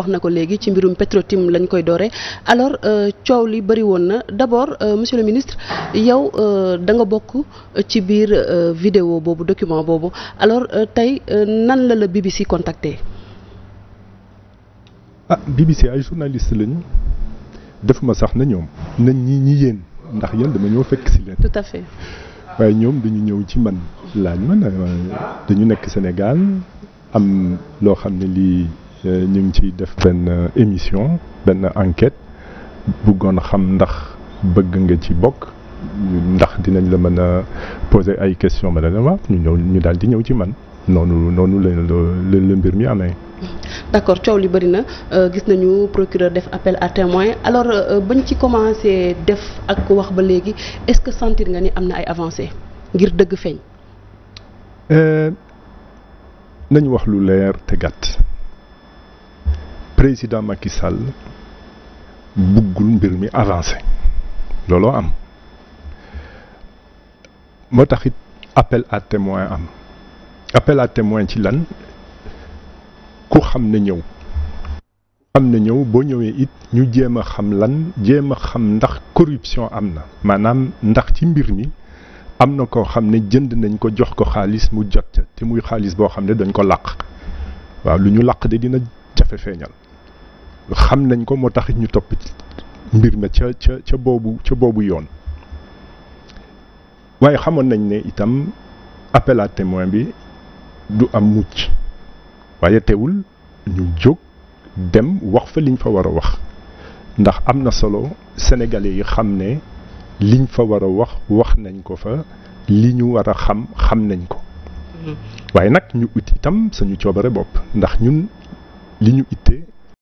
wax na ko léegi ci mbirum Petrotim lañu koy doore alors euh, coow li bëri woon na d'abord euh, monsieur le ministre yow euh, da nga bokk ci biir vidéo boobu document boobu alors tey nan la la BBC contacté. ah BBC ay journaliste lañu def ma sax na ñoom nañ ñi ñi yéen ndax yéen dama ñëw fekk si leen. tout à fait. waaye ñoom ñu ñëw ci man laaj ma dañu nekk Sénégal am loo xam ne lii. Euh, ñu ngi ciy def benn euh, émission benn enquête bëggoon xam ndax bëgg nga ci bokk ndax dinañ la mën a poser ay questions ma ne waaw ñu ñëw ñu daal di ñëw ci man noonu noonu la la mbir mi amee. d'accord coow li bëri na euh, gis nañu procureur def appel à témoin alors bañ ci commencé def ak wax ba léegi est-ce que sentir nga ni am na ay avancé ngir dëgg feeñ. nañ wax lu leer te gàtt. président Macky Sall buggul mbir mi avancé looloo am moo tax it appel à témoin am appel à témoin ci lan ku xam ne ñëw xam ne ñëw boo ñëwee it ñu jéem a xam lan jéem a xam ndax corruption am na maanaam ndax ci mbir mi am na koo xam ne jënd nañ ko jox ko xaalis mu jot ca te muy xaalis boo xam ne dañ ko làq waaw lu ñu làq de dina jafe feeñal xam nañ ko moo tax ñu topp mbir ma ca ca ca boobu ca boobu yoon waaye xamoon nañ ne itam appel à bi du am mucc waaye teewul ñu jóg dem wax fa liñ fa war a wax ndax am na solo sénégalais yi xam ne liñ fa war a wax wax nañ ko fa li ñu war a xam xam nañ ko mm-hmm. waaye nag ñu ut itam suñu coobare bopp ndax ñun li ñu itte